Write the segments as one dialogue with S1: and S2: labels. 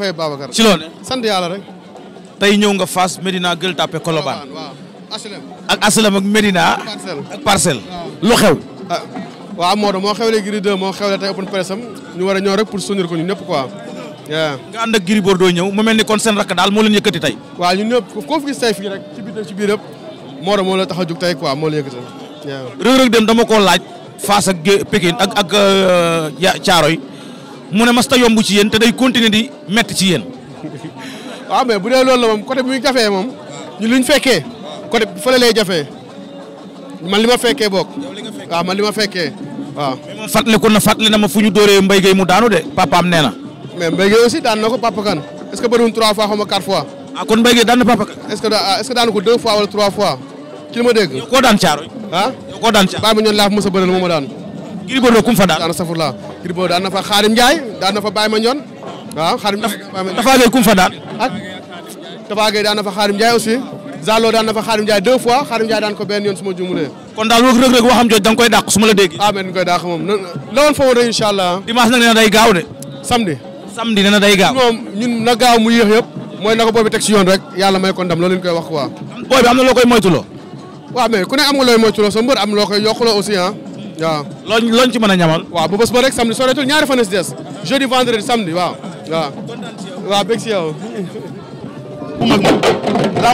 S1: Faye Babacar ci loolu sant yàlla rek.
S2: tey ñëw nga Fass Medina Gueule Tapée Colobane ak asalam ak Medina. ak parcelle lu xew.
S1: ah waaw Modou moo xewlee Gris 2 moo xewlee tey open press am ñu war a ñëw rek pour soutenir ko ñun ñëpp quoi.
S2: nga ànd ak Gris ñëw mu mel ni kon seen rakk daal moo leen yëkkati tey.
S1: waaw ñun ñëpp koo fi gis tey fii rek ci biir ci biir yëpp moo la tax a jug tey quoi moo la yëkkati. Reug Reug dem dama koo laaj Fass ak
S2: Pikine ak ak euh, Thiaroye mu ne masta yomb ci yéen te day continuer di métti ci yéen.
S1: waaw ah, mais bu dee loolu la moom côté bu ñu jafee moom ñu luñ fekkee côté fële lay jafee man li ma fekkee boog waaw ah, man li ma fekkee waaw. fàttali ko na fàttali na ma fu ñu dóoree Mbaye mu daanu de papaam nee na. mais Mbaye Gueye aussi daan na ko papa kan est-ce que bëriwul trois fois xaw ma fois. ah kon Mbaye daan na papa kan. que ah, daan ko deux fois wala trois fois ci ma dégg. yow koo daan caaro. ah a bëri ko daan. daan safurlaa. Gris Bordeaux daan na fa Xaarim Ndiaye daan na fa Baye Mandione kum fa daan ak Tafa Gueye daan na fa Xaarim Ndiaye aussi Zallo daan na fa Xaarim Ndiaye deux fois Xaarim Ndiaye daan ko benn yoon su ma jumulee kon daal wëg rëg-rëg waxam jooj da nga koy dàq su ma la dégg ah mais dañ koy dàq moom la fa woon rek incha allah dimanche nag nee day gaaw de samedi samedi nee na day gaaw moom ñun na gaaw mu yéex yëp mooy na ko boobi teg si yoon rek yàlla may kon dam loolu ñu koy wax quoi booy bi am na loo koy moytuloo waaw waaw loo loo ci mën a ñamal. waaw bu bés ba rek samedi soreetul ñaari fan si des jeudi vendredi samedi waaw waaw. waaw si yow. bu mag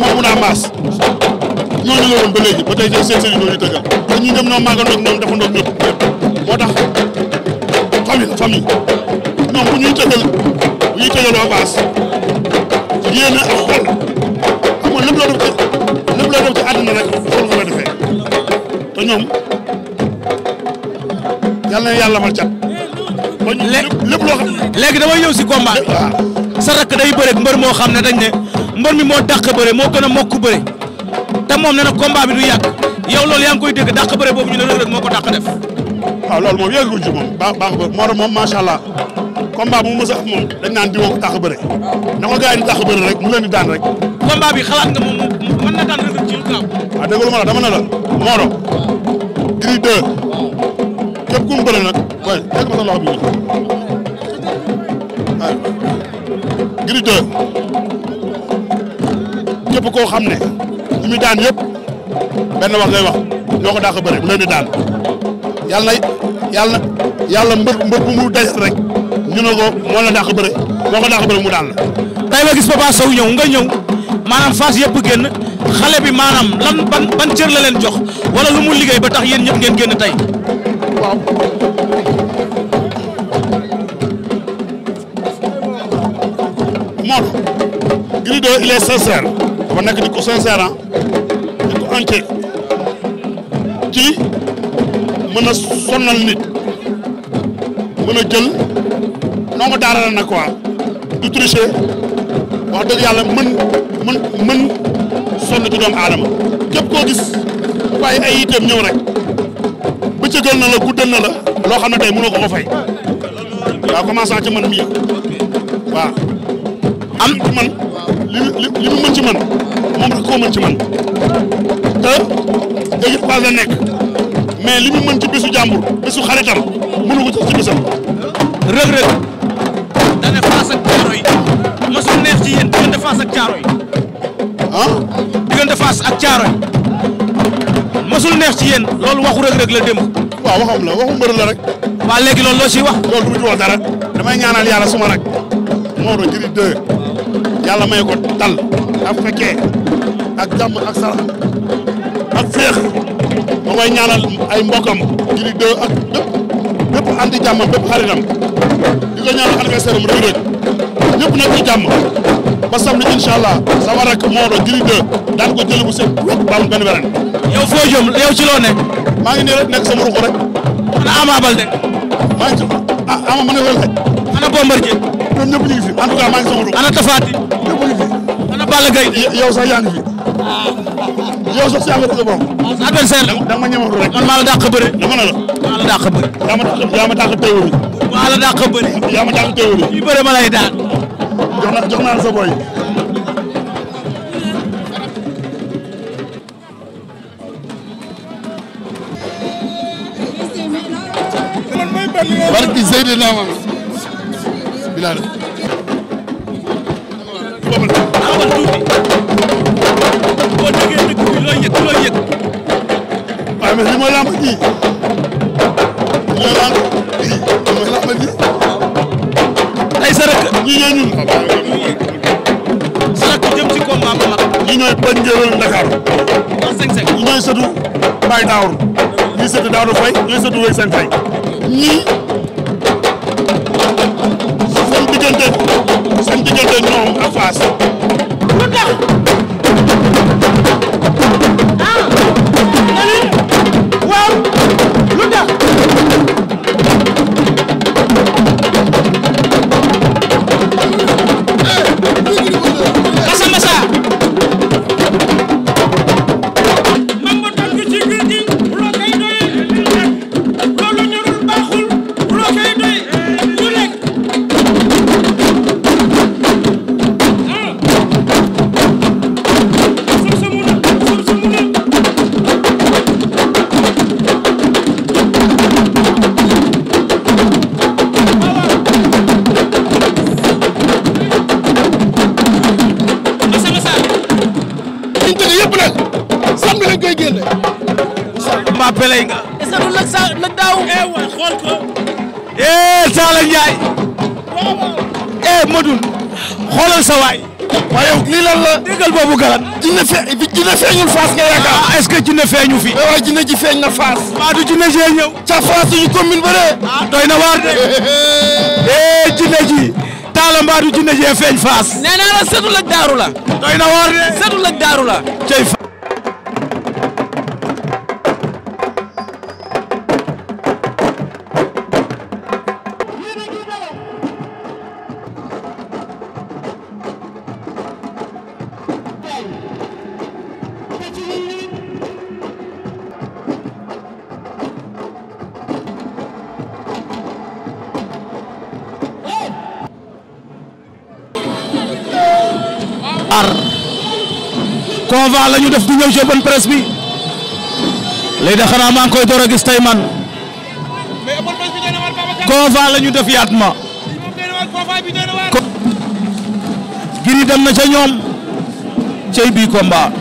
S1: ma mun a maas
S3: ñooñu la ba léegi ba tey jii seen sëriñ ñooñu tëggal te ñun ñoom ñoo màggandoog ñoom defandoog moo tax famille famille ñoom bu ñuy tëggal bu ñuy tëggal waa baas yéen a ak xol xam nga lépp loo rek xol nga la defee te ñoom. yàlla na yàlla mal cat. lépp loo xam ne léegi damay ñëw si combat
S2: sa rakk day bëre mbër moo xam ne dañ ne mbër mi moo dàq bëre moo gën a mokk bëre te
S3: moom nee na combat bi du yàgg yow lool yaa ngi koy dégg dàq bëre boobu ñu ne Reug moo ko dàq def. waaw loolu moom yënguñ ci moom baax baax ba moom macha allah mu mës a moom dañ naan di woo ko dàq bëre na ko gars yi di dàq bëre rek mu leen di daan rek. combat bi xalaat nga moom mën na daan Reug Reug ci ma la dama képp ko mu bëri nag waaye koo xam ne li muy daan yëpp benn wax ngay wax ñoo ko dàq bëri mu leen daan yàlla na yàlla yàlla mbër mbër bu mu des rek ñu ne ko moo la dàq bëri moo ko dàq bëri mu daan la. tey ma gis Papa Sow ñëw nga ñëw maanaam faas yëpp génn xale bi maanaam
S2: lan ban ban cër la leen jox wala lu mu liggéey ba tax yéen ñëpp ngeen génn tey. waaw.
S3: Mor. Gris 2 il est sincère. dafa nekk di ko sincère ah. di ko entier. ci mën a sonal nit. mën a jël. ndongo daara la nag du tricher. wax dëgg yàlla mën mën mën sonn ci doomu aadama. képp koo gis waaye ay itam ñëw rek. bëccëgal na la guddal na la loo xam ne tey mënoo ko ko fay waaw a ci man mii waaw am ci man li li mu mën ci man moom rek koo mën ci man te équipe pas la nekk mais li mu mën ci bésu jàmbur bésu xaritam mënu ko ci ci bésam Reug Reug dana
S2: Fass ak Thiaroye mosul neex ci yéen diggante Fass ak Thiaroye ah diggante
S3: neex ci yéen loolu waxu Reug Reug la démb waaw waxam la waxu mbër rek. waaw léegi loolu loo ciy wax. loolu du ma ci wax dara damay ñaanal yàlla suma rek Modou Njeri 2 yàlla may ko dal ak fekkee ak jàmm ak sarax ak féex ba koy ñaanal ay mbokam Njeri 2 ak bépp bépp andi jàmm bépp xaritam ñëpp nekk ci jàmm ba samedi incha allah rek Modou Njeri 2 daan ko jëlee bu set wépp baalu benn benn. yow foo ci loo maa ngi nii nekk sama ruq rek. ana Ama Baldé. maa ngi ci ah Ama ma ne ko laaj. ana Bombardier. ñu fi en tout cas ñu fi. ana Balla Gaye. yow sax fi. yow si am nga borom. adversaire la da ma ñëwoon rek. man maa la dàq bëre. dama ne la. maa la dàq bëre. yaa ma dàq yaa ma dàq teewoo bi. maa la dàq bëre. yaa bëre ma lay daan. jox naa barki Seydina Mohamed bilaay awal bi looy yëg looy yëg waaye mais li ji looy lamb ji mooy lamb ji ay sa rek ñi ñoo ñi ñooy bañ njëwal Dakar ñi ñooy sëtu Mbaye Daawur ñi sëtu Daawur Faye ñooy sëtu Wëy Seen ñii seen diggante seen diggante ñoom en face. lu tax. ah. waaw xoolal sa waay. waaye lii lan la. déggal boobu galan. jinne feeñul faas nga yaakaar. Ah, que jinne feeñu fi. waaw jinne ji feeñ na faas. maa ah, du jinne jee ñëw. ca faas suñu commune ba de. Ah, na waar de. eh jinne ji. taala mbaa du jinne jee feeñ
S2: faas. nee naa la setul na waar de. setul ak cey faas.
S3: convoi la ñu def du ñëw ci
S2: xanaa maa ngi koy door a gis tey la ñu def yaat ma ko dem na ca ñoom cey bi combat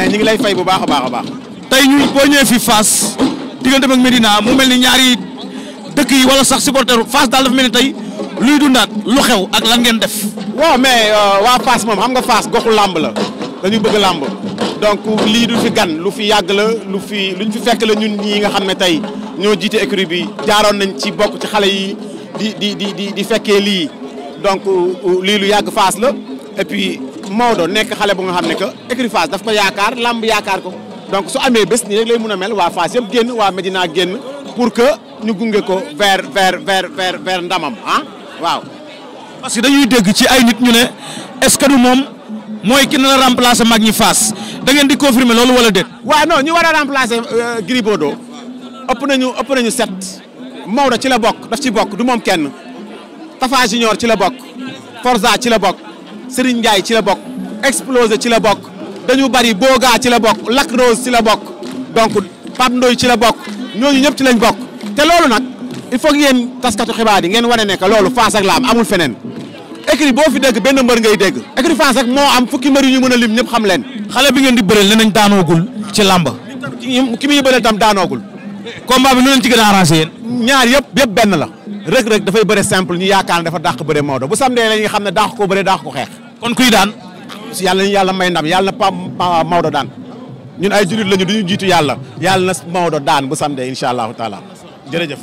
S2: mais ñu ngi lay fay bu baax baax a baax. tey ñuy boo ñëwee fi Fass diggante ak Medina mu mel ni ñaari dëkk yi wala sax supporteru Fass daal dafa mel ni tey luy naat lu xew ak lan ngeen def. waaw mais euh, waa Fass moom xam nga faas goxu làmb la dañu bëgg làmb donc lii du fi gan lu fi yàgg la lu fi ñu fi fekk la ñun ñii nga xam ne tey ñoo jiite écurie bi jaaroon nañ ci bokk ci xale yi di di di di fekkee lii donc euh, lii lu yàgg Fass la et Maodo nekk xale bu nga xam ne que écurie Fass daf ko yaakaar làmb yaakaar ko donc su amee bés nii rek lay mun a mel waa Fass yëpp génn waa Medina génn pour que ñu gunge ko vers vers vers vers ndamam ah waaw. parce que dañuy dégg ci ay nit ñu ne est-ce que du moom mooy kenn na la remplacer mag ñi Fass da ngeen di confirmer loolu wala déet. waaw non ñu war a remplacer euh, Gris Bordeaux ëpp nañu ëpp nañu set Maodo ci la bokk daf ci bokk du moom kenn Tafa Junior ci la bokk Forza ci la bokk. Serigne Ndiaye ci la bokk Explosé ci la bokk dañu bari Boga ci la bokk Lac Rose ci la bokk donc Pape Ndoye ci la bokk ñooñu ñëpp ci lañ bokk te loolu nag il faut que yéen taskatu xibaar yi ngeen wane ne que loolu Fass la Lam amul feneen écrit boo fi dégg benn mbër ngay dégg écrit Fass moo am fukki mbër yu ñu mën a lim ñëpp xam leen xale bi ngeen di bëreel nenañ daanoogul ci làmba ki muy bëreel tam daanoogul combat bi nu leen ci gën a arrangé ñaar yëpp yëpp benn la rek rek dafay bëre simple ñu yaakaar ne dafa dàq bëre Maodo bu samdee la ñu xam ne dàq ko bëre dàq ko xeex. kon kuy daan. yàlla ñu yàlla may ndam yàlla na Pa Maodo daan ñun ay jullit lañu du ñu jiitu yàlla yàlla na Maodo daan bu samdee incha allahu taala jërëjëf.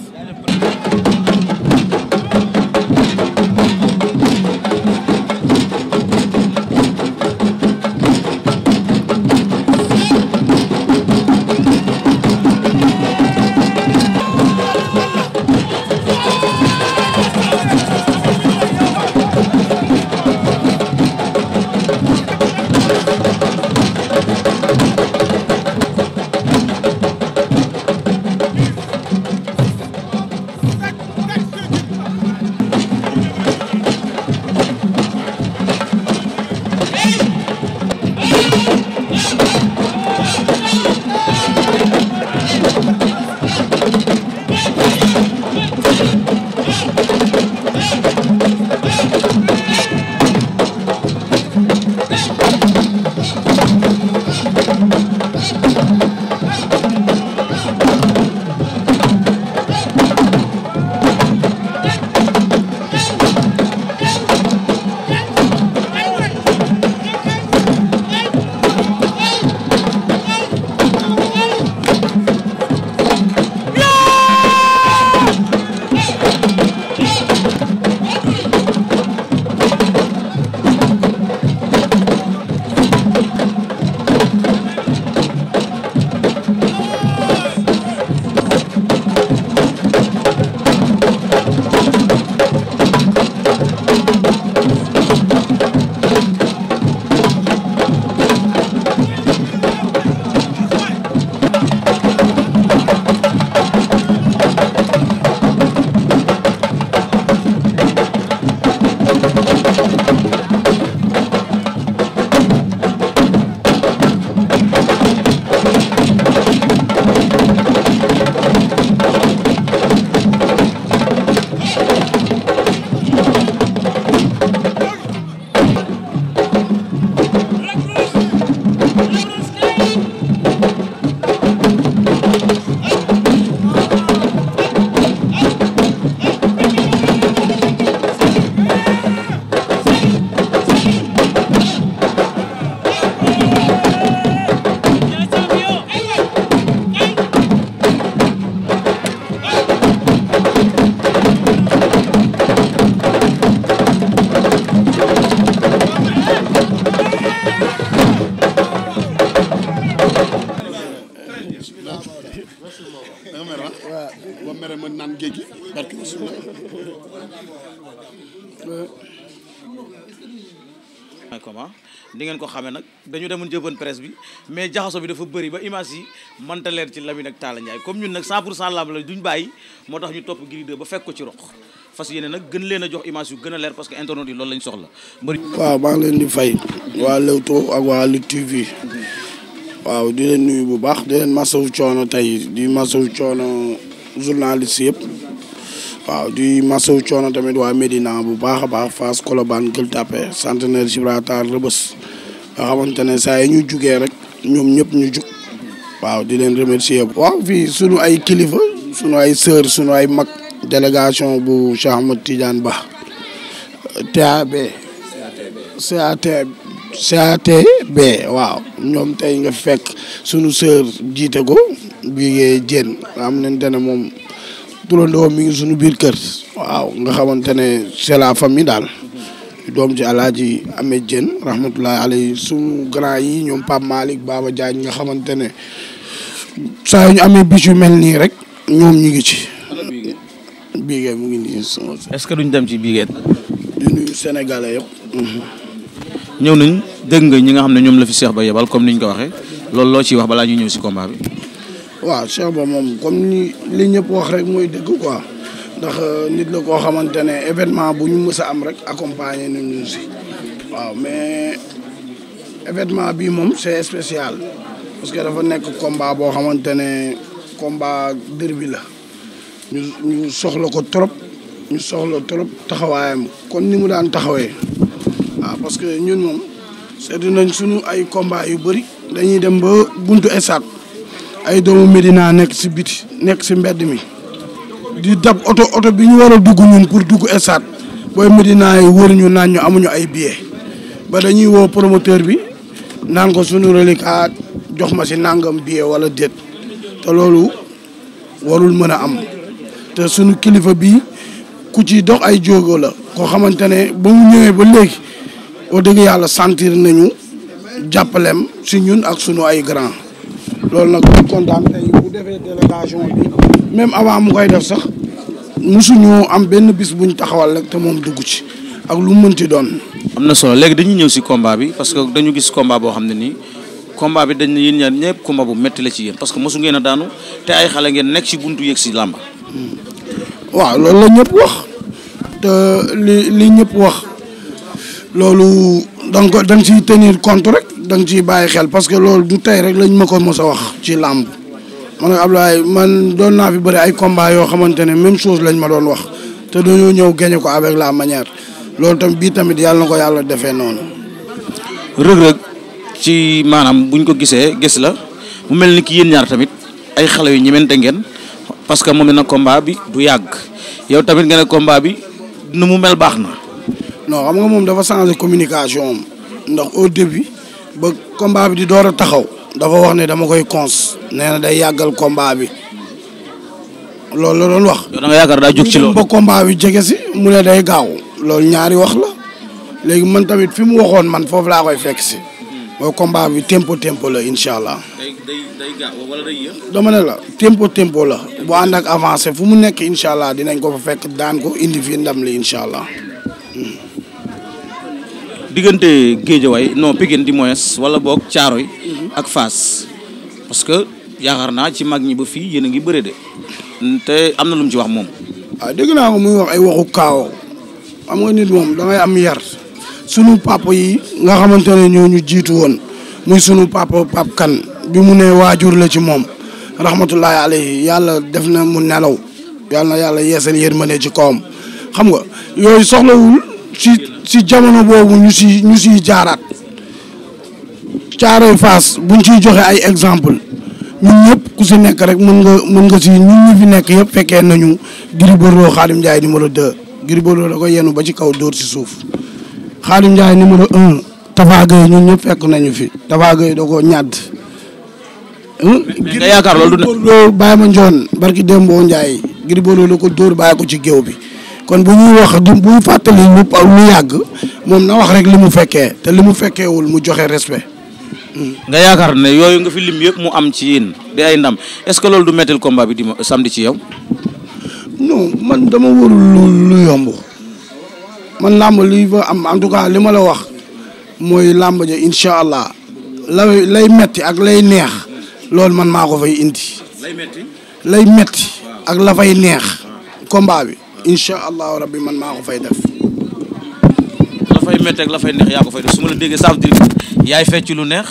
S2: di ngeen ko xamee nag dañu demoon ci open presse bi mais jaxaso bi dafa bëri ba image yi mënta leer ci Lamine ak Talla Ndiaye comme ñun nag 100 pour cent lamb la duñ bàyyi moo tax ñu topp Gris 2 ba fekk ko ci roq fas yéene nag gën leen a jox image yu gën a leer parce que internet yi loolu lañ soxla.
S4: waaw maa ngi leen di fay waa Leewtoo ak waa Lutte TV waaw di leen nuyu bu baax di leen masawu coono tey di masawu coono journaliste yëpp. waaw di masawu coono tamit waa Médina bu baax a baax Fass Colobane Gueule Tapée Centenaire Gibraltar Rebeuss nga xamante ne saa yi ñu jugee rek ñoom ñëpp ñu jug waaw di leen remercier bu waaw fii sunu ay kilifa sunu ay sœur sunu ay mag délégation bu Cheikh Ahmed Tidiane Ba TAB CAT CATB waaw ñoom tey nga fekk sunu sœur jiite ko bi Dieng am nañ te ne moom turandoom mi ngi suñu biir kër waaw nga xamante ne c'est la famille daal doom ci alaaji Ameth Dieng rahmatullahi alayhi su grand yi ñoom Pape Malick Baba Diagne nga xamante ne saa ñu amee bis yu mel nii rek ñoom ñu ngi ci
S2: biigee mu ngi nii ce que duñ dem ci biigee
S4: di
S2: nuyu nañ dégg nga ñi nga xam ne ñoom la fi Cheikh Ba yebal comme niñ ko waxee lool loo ciy wax balaa ñuy ñëw si combat bi
S4: waaw Cheikh Ba moom comme ni li ñëpp wax rek mooy dëgg quoi ndax euh, nit la koo xamante ne événement bu ñu mës a am rek accompagner nañu si waaw mais événement bi moom c'est spécial parce que dafa nekk combat boo xamante ne combat derby la ñu soxla ko trop ñu soxla trop taxawaayam kon ni mu daan taxawee waaw parce que ñun moom seetlu nañ suñu ay combat yu bëri dañuy dem ba buntu esat ay doomu Médina nekk si bit nekk si mbedd mi di dab oto oto bi ñu war a dugg ñun pour dugg stade booy Médina yi wër ñu naan ñu amuñu ay billets ba dañuy woo promoteur bi naan ko suñu reliquat jox ma si nangam billet wala déet te loolu warul mën a am te suñu kilifa bi ku ci dox ay jógo la koo xamante ne ba mu ñëwee ba léegi wax dëgg yàlla sentir nañu jàppaleem si ñun ak sunu ay grand loolu nag ñu kontaan defee délégation bi même avant mu koy def sax mosuñu am benn bis buñ taxawal rek te moom dugg ci ak lu mu mënti doon.
S2: am na solo léegi dañuy ñëw si combat bi parce que dañu gis combat boo xam ne nii combat bi dañ ne yéen ñaar ñëpp combat bu métti la ci yéen parce que mosu ngeen a daanu te ay xale ngeen nekk si buntu yéeg si làmba.
S4: waaw loolu la ñëpp wax. te li ñëpp wax. loolu da nga ko da compte rek. da ci bàyyi xel parce que loolu du tey rek lañ ma ko mos a wax ci làmb man ak Ablaye man doon naa fi bëri ay combat yoo xamante ne même chose lañ ma doon wax te dañoo ñëw gañe ko avec la manière loolu tam bii tamit yàlla na ko yàlla defee
S2: noonu. rëg-rëg ci maanaam buñ ko gisee gis la mu mel ni ki yéen ñaar tamit ay xale yu ñemente ngeen parce que moom na combat bi du yàgg yow tamit nga ne combat bi nu mu mel baax na.
S4: noo xam nga moom dafa changer communication am ndax au ba combat bi di door a taxaw dafa wax ne dama koy cons nee na day yàggal combat bi loolu la doon wax. da yaakaar daa jóg ci loolu ba combat bi jege si mu ne day gaaw loolu ñaari wax la léegi man tamit fi mu waxoon man foofu laa koy fekk si. mooy combat bi tempo tempo la incha allah. dama ne la tempo tempo la. bu ànd ak avancé fu mu nekk incha allah dinañ ko fa fekk daan ko indi fi ndam li incha allah.
S2: diggante géejawaay non Pikine di moins wala boog Caaroy ak fas parce que yaakaar naa ci mag ñi ba fii yéen a ngi bëre de te am na lu mu ci wax moom.
S4: a ah, dégg naa ko muy wax ay waxu kaaw xam nga nit moom dangay am yar sunu papa yi nga xamante ne ñoo ñu jiitu woon muy sunu papa pap kan bi mu ne waajur la ci moom rahmatullahi alayhi yàlla def na mu nelaw yàlla na yàlla yeesal yërmande ci kawam xam nga yooyu soxlawul ci si jamono boobu ñu si ñu siy jaaraat caaroy faas bu siy joxe ay exemple ñun ku si nekk rek mën nga mën nga si ñun ñu fi nekk yëpp fekkee nañu Gris Bordeaux Khadim Ndiaye numéro deux Gris Bordeaux da yenu ba ci kaw dóor si suuf Khadim Ndiaye numéro un Tapha Gueye ñun ñëpp fekk nañu fi Tapha Gueye da koo ñàdd Gris Bordeaux bàyyi ma njoon barki Dembo Ndiaye ko dóor bàyyi ci géew bi kon bu ñuy wax du bu ñu fàttali lu yàgg moom na wax rek li mu fekkee te li mu fekkeewul mu joxe respect.
S2: nga yaakaar ne yooyu nga fi lim yëpp mu am ci yéen di ay ndam est-ce que loolu du mettil combat bi di ma samedi ci yow.
S4: non man dama wóorul lu yomb man làmb li fa am en tout cas li ma la wax mooy làmb ja incha allah la lay metti ak lay neex loolu man maa ko fay indi. lay metti lay metti ak la fay neex combat bi. incha allahu bi man maa ko fay def.
S2: la fay métti ak la fay neex yaa ko fay def su la déggee ça veut dire yaay fecc lu neex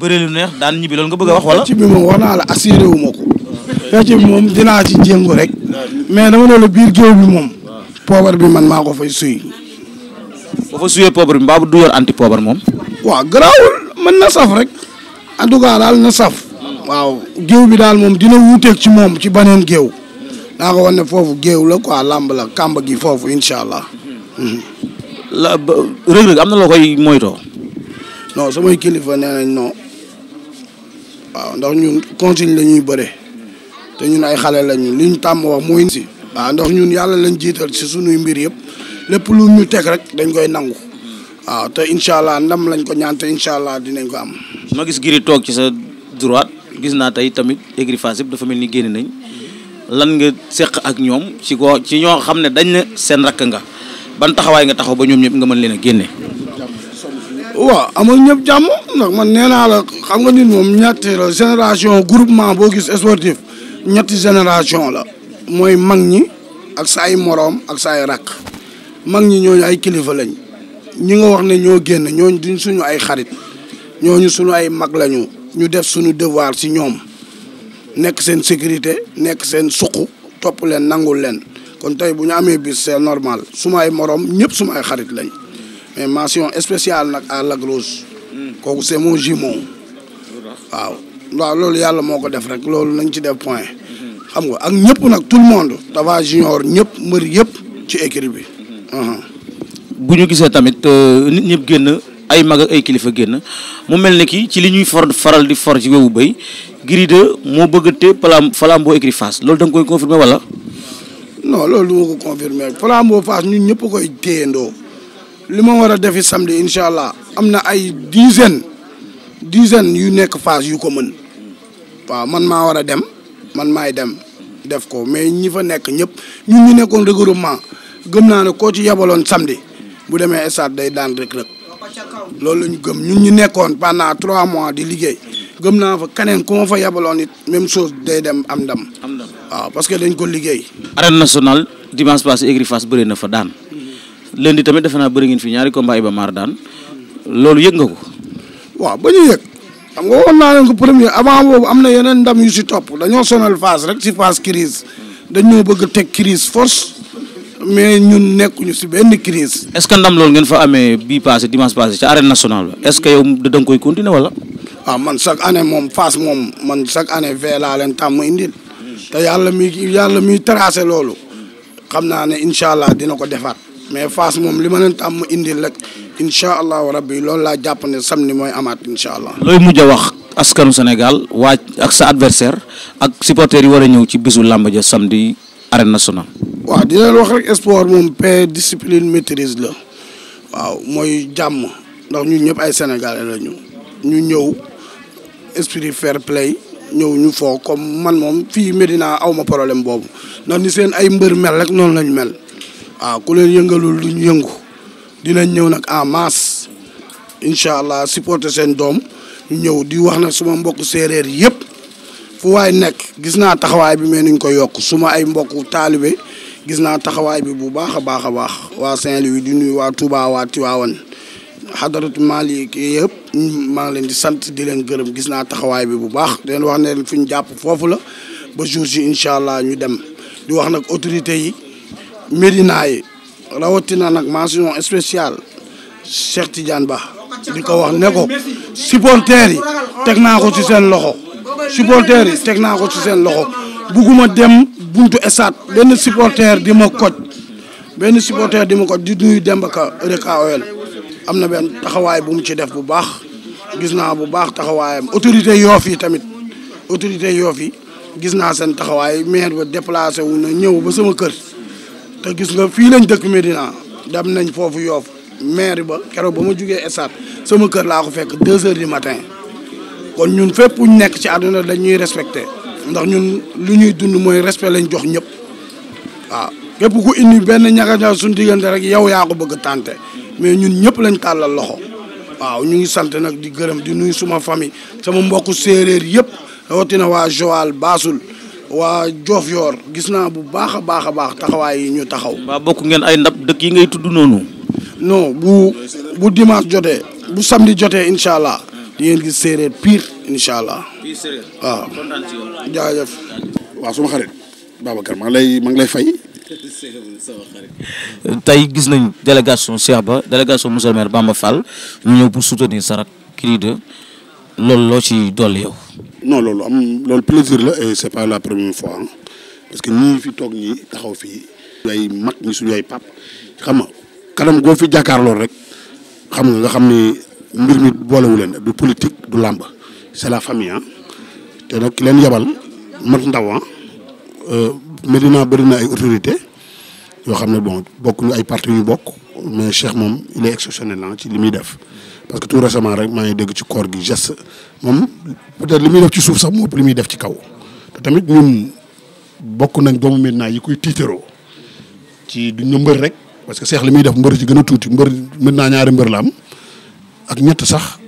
S2: bëri lu neex daan ñibbi loolu nga bëgg a wax wala. fecc bi moom
S4: wax naa la ma ko. moom dinaa ci jéngu rek. mais dama ne la biir bi moom. poobar bi man maa
S2: ko fay suy. boo fa suyee poobar
S4: poobar moom. waaw garaawul na saf rek. en tout cas daal na saf. waaw géew bi daal moom dina wuuteeg ci moom ci baneen géew. naa ko wan ne foofu géew la ko quoi làmb la kàmba gi foofu incha allah.
S2: Mhm. la ba Reug Reug am na loo koy moytoo.
S4: non samay kilifa nee nañ non waaw ndax ñun consigne la bëre te ñun ay xale lañ ñun tàmm wax mooy si. waaw ndax ñun yàlla lañ jiital si sunuy mbir yëpp lépp lu ñu teg rek dañ koy nangu. waaw te incha allah ndam lañ ko ñaan te allah dinañ ko am.
S2: ma gis giri toog ci sa droite gis naa tey tamit écurie Fass yëpp dafa mel ni génn nañ. lan nga seq ak ñoom ci koo ci ñoo xam ne dañ ne seen rakk nga ban taxawaay nga taxaw ba ñoom ñëpp nga mën leen a génne.
S4: waaw amoon ñëpp jàmm ndax man nee naa la xam nga nit moom ñetti génération groupement boo gis sportif ñetti génération la mooy mag ñi ak say moroom ak saay rakk mag ñi ñooñu ay kilifa lañ ñi nga wax ne ñoo génn ñooñu duñ suñu ay xarit ñooñu suñu ay mag lañu ñu def suñu devoir ci ñoom. nekk seen sécurité nekk seen suqu topp leen nangul leen kon tey bu ñu amee bis c'est normal sumay morom ñëpp sumay xarit lañ mais mention spéciale nag à Lac hmm. kooku c'est mon jumeau waaw waaw loolu yàlla moo ko def rek loolu nañ ci def point hmm. xam nga ak ñëpp nag tout le monde Tapha Junior ñëpp
S2: mbër yëpp ci écurie bi hmm. bu ñu gisee tamit euh, nit ñëpp génn ay mag ak ay kilifa génn mu mel ni ki ci li ñuy for faral di for ci wewu béy Gris 2 moo bëgg a téye Fala Flambeau loolu da nga koy confirmer wala. non loolu
S4: du ma ko confirmer Flambeau ñun ñëpp koy téyandoo li ma war a defi samedi incha allah am na ay dizaine dizaine yu nekk Fass yu ko mën waaw man maa war a dem man maay dem def ko mais ñi fa nekk ñëpp ñun ñu nekkoon regroupement gëm naa ne koo ci yabaloon samedi bu demee stade day daan rek rek loolu la ñu gëm ñun ñu nekkoon pendant trois mois di liggéey. gëm naa fa keneen ku ma fa yabaloon it même chose day dem am ndam. am ndam waaw parce que dañ ko liggéey.
S2: arène nationale dimanche passé Aigri Fass bëri na fa daan. Mhm. lundi tamit defe naa bëri ngeen fi ñaari combat Iba Mar daan. loolu yëg nga ko.
S4: waaw ba ñu yëg. xam nga waxoon naa leen ko premier avant boobu am na yeneen ndam yu si topp dañoo sonal Fass rek si Fass crise dañoo bëgg a teg crise force. mais ñun nekkuñu ci benn crise.
S2: est-ce que ndam loolu ngeen fa amee bii passé dimanche passé ci arène nationale ba est-ce que wala. waaw ah, man chaque
S4: année moom Fass moom man chaque année fee laa leen tàmm indil te yàlla mi yàlla loolu xam naa ne incha allah dina ko defaat mais Fass moom li ma leen tàmm indil rek incha allahu rabbi loolu laa jàpp ne samedi mooy amaat incha allah. looy
S2: mujj a wax askanu Sénégal waaj ak sa adversaire ak supporters yi war ñëw ci bisu làmb ja samedi arène nationale.
S4: waaw di leen wax rek sport moom paix discipline maîtrise la waaw mooy jàmm ndax ñun ñëpp ay sénégalais la esprit fair play ñëw ñu foo comme man moom fii Medina aw ma problème boobu ndax ni seen ay mbër mel rek noonu lañ mel waaw ku leen yëngalul duñ yëngu dina ñëw nag en masse incha allah supporter seen doom ñëw di wax nag suma mbokk séeréer yëpp fu waay nekk gis naa taxawaay bi mais niñ ko yokk suma ay mbokk taalibe gis naa taxawaay bi bu baax a baax a baax waa Saint-Louis di nuyu waa Touba waa Tivaouane xadaratu Malick yëpp maa ngi leen di sant di leen gërëm gis naa taxawaay bi bu baax den leen wax ne fi jàpp foofu la ba jour ji incha allah ñu dem di wax nag autorité yi Médina yi rawatina nag mention spéciale Cheikh Tidiane Ba di ko wax ne ko supporters yi teg naa ko ci seen loxo supporters yi teg naa ko ci seen loxo bugguma dem buntu esat benn supporter di ma koj benn supporter di ma koj di nuyu Demba Ka Reka Oyel am na benn taxawaay bu mu ci def bu baax gis naa bu baax taxawaayam autorité yoof yi tamit autorité yoof yi gis naa seen taxawaay maire ba déplacé wu na ñëw ba sama kër te gis nga fii lañ dëkk Médina dem nañ foofu yoof maire ba keroog ba mu jugee stade sama kër laa ku fekk deux heures du matin kon ñun fépp ñu nekk ci àdduna dañuy respecté ndax ñun lu ñuy dund mooy respect lañ jox ñëpp waaw képp ku indi benn ñaga suñu diggante rek yow yaa ko bëgg tànte mais ñun ñëpp lañ tàllal loxo waaw ñu ngi sant nag di gërëm di nuyu suma famille sama mbokku séeréer yëpp rawatina waa Joal Baasul waa Diofior gis naa bu baax a baax a baax taxawaay
S2: ñu taxaw. waa bokk ngeen ay ndab dëkk yi ngay tudd noonu.
S4: no bu bu dimanche jotee bu samedi jotee incha allah di ngeen gis séeréer pire incha allah.
S2: pire séeréer waaw
S3: kontaan si yow. jaajëf. suma xarit Babacar maa lay maa lay fay.
S2: tey gis nañ délégation Cheikh Ba délégation monsieur Bamba Fall
S3: ñu ñëw pour soutenir Sarak Cri 2 loolu loo ci dolli yow. non loolu am loolu plaisir la et c'est pas la première fois parce que ñii fi toog ñi taxaw fii. ay mag ñi suñu ay pap xam nga kanam goo fi jàkkaarloo rek xam nga nga xam ni mbir mi boolewu leen du politique du làmb c'est la famille te nag ki leen yabal mat ndaw ah Medina bëri na ay autorité yoo xam ne bon bokkuñu ay parti yu bokk mais Cheikh moom il est exceptionnel ah ci li muy def parce que tout récemment rek maa ngi dégg ci koor gi geste moom peut-être li muy def ci suuf sax moo ëpp li muy def ci kaw tamit ñun bokk nañ doomu Médina yi koy tiitaroo ci duñ na mbër rek parce que Cheikh li muy def mbër ci gën a tuuti mbër naa ñaari mbër la am ak ñett sax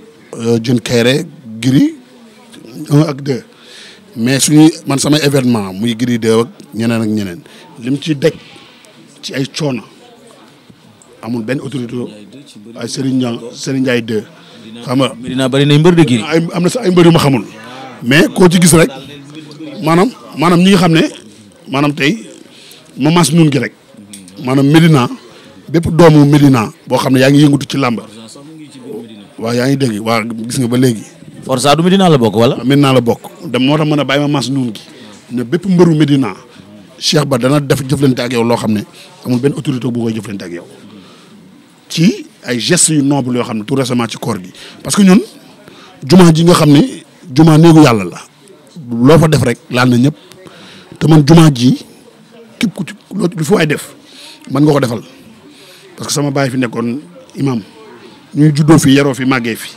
S3: jën euh, kayre giri un ak mais suñuy man sama événement muy giri deux ak ñeneen ak ñeneen lim ci dëkk ci ay coono amul benn autorité ay Serigne Niang Serigne Ndiaye 2. xam nga Medina bari na mbër de am na sax ay mbër yu ma xamul. mais koo ci gis rek maanaam maanaam ñi nga xam ne maanaam tey ma mas nun gi rek maanaam Medina bépp doomu Medina boo xam ne yaa ngi yëngatu ci làmb waaw yaa ngi dégg waaw gis nga ba léegi. Forza du Medina la bokk wala. Medina la bokk dem moo tax mën a bàyyi ma mas nun gi ne bépp mbëru Medina. Cheikh Ba dana def jëflante ak yow loo xam ne amul benn autorité bu koy jëflante ak yow ci ay gestes yu noble yoo xam ne tout récemment ci koor gi parce que ñun jumaa ji nga xam ne jumaa néegu yàlla la loo fa def rek laal ñëpp te man jumaa ji képp ku ci lu fi def man nga ko defal parce que sama baay fi nekkoon imam ñuy juddoo fi yaroo fi màggee fi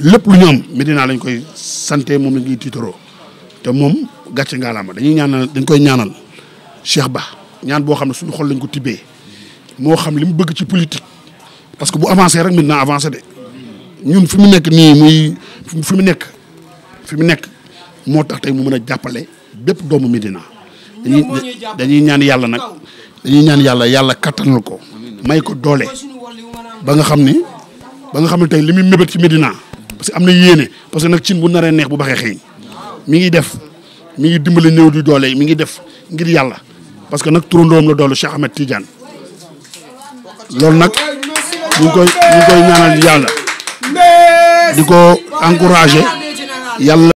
S3: lépp lu ñaam am Medina lañ koy santé moom la ñuy tiitaroo te moom gàcce ngaalaama dañuy ñaanal dañ koy ñaanal Cheikh Ba ñaan boo xam ne suñu xol lañ ko tibbee moo xam li mu bëgg ci politique parce que bu avancé rek maintenant avancé de ñun fi mu nekk nii muy fi mu nekk fi mu nekk moo tax tey mu mën a jàppale bépp doomu Medina dañuy ñaan yàlla nag dañuy ñaan yàlla yàlla kattanal ko may ko doole ba nga xam ni ba nga xam ne tey li muy mébét ci Medina parce que am na yéene parce que nag cin bu naree neex bu baxee xëy mi ngi def mu ngi dimbali néew di doole mi ngi def ngir yàlla parce que nag turandoom la doolu Cheikh Ahmed Tidiane loolu nag ñu koy ñu koy ñaanal yàlla di ko encourager yàlla